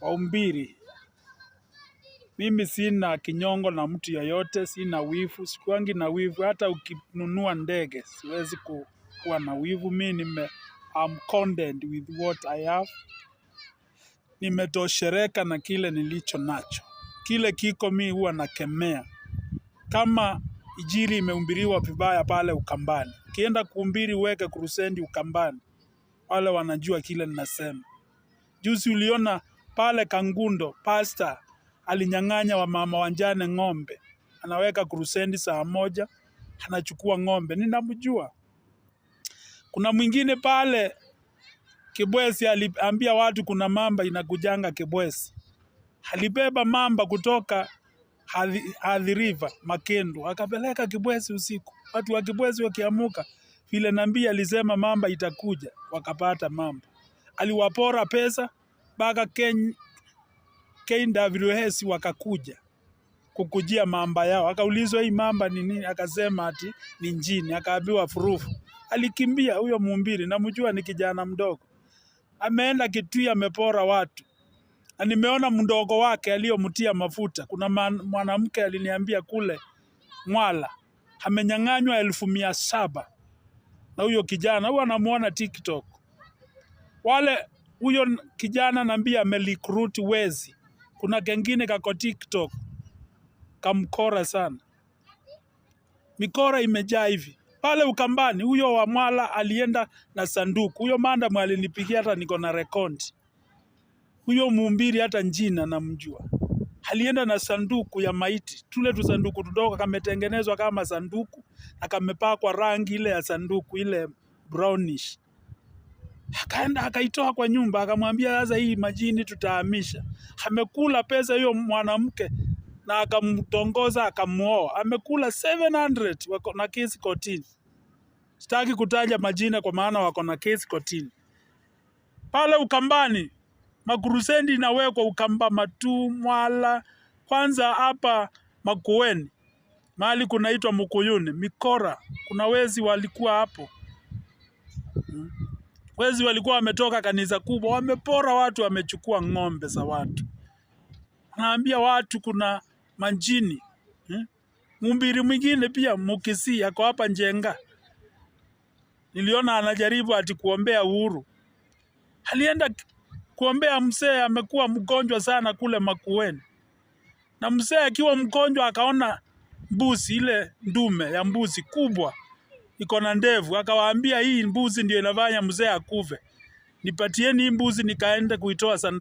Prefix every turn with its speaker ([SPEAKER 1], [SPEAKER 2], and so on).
[SPEAKER 1] Waumbiri, mimi sina kinyongo na mtu yoyote, sina wivu, sikuangi na wivu. Hata ukinunua ndege siwezi kuwa na wivu. Mi nime I'm content with what I have, nimetoshereka na kile nilicho nacho. Kile kiko mi huwa nakemea, kama Injili imeumbiriwa vibaya pale Ukambani, ukienda kuumbiri uweke kurusendi Ukambani, wale wanajua kile ninasema. Juzi uliona pale Kangundo pasta alinyang'anya wamama wanjane ng'ombe, anaweka kurusendi saa moja, anachukua ng'ombe. Ninamjua. Kuna mwingine pale Kibwesi aliambia watu kuna mamba inakujanga Kibwesi, alibeba mamba kutoka hadhiriva River Makendu akapeleka Kibwesi usiku. Watu wa Kibwesi wakiamuka, vile Nambi alisema mamba itakuja, wakapata mamba. Aliwapora pesa mpaka Ken wakakuja kukujia mamba yao, akaulizwa hii mamba ni nini? Akasema ati ni njini, akaambiwa furufu. Alikimbia huyo mumbiri, namjua ni kijana mdogo, ameenda Kitui amepora watu. Nimeona mdogo wake aliyomtia mafuta. Kuna mwanamke aliniambia kule Mwala amenyang'anywa elfu mia saba na huyo kijana, huwa anamuona TikTok wale huyo kijana nambia amelikrut wezi. Kuna kengine kako TikTok kamkora sana, mikora imejaa hivi pale Ukambani. Huyo wa Mwala alienda na sanduku, huyo Mandam alinipigia hata niko na rekondi. Huyo Mumbiri hata njina namjua, alienda na sanduku ya maiti, tule sanduku tudogo kametengenezwa kama sanduku na kamepakwa rangi ile ya sanduku ile brownish Akaenda akaitoa kwa nyumba, akamwambia sasa, hii majini tutahamisha. Amekula pesa hiyo mwanamke na akamtongoza akamuoa, amekula 700 wako na kesi kotini. Sitaki kutaja majina kwa maana wako na kesi kotini. Pale Ukambani makurusendi inawekwa Ukamba, Matu, Mwala, kwanza hapa Makueni mahali kunaitwa Mukuyuni, Mikora, kuna wezi walikuwa hapo hmm. Wezi walikuwa wametoka kanisa kubwa, wamepora watu, wamechukua ng'ombe za watu. Naambia watu kuna manjini hmm? Eh? Mumbiri mwingine pia Mukisi ako hapa Njenga, niliona anajaribu ati kuombea uhuru. Alienda kuombea msee amekuwa mgonjwa sana kule Makueni, na msee akiwa mgonjwa akaona mbuzi ile ndume ya mbuzi kubwa iko na ndevu, akawaambia hii mbuzi ndio inafanya mzee akuve, nipatieni hii mbuzi, nikaenda kuitoa sana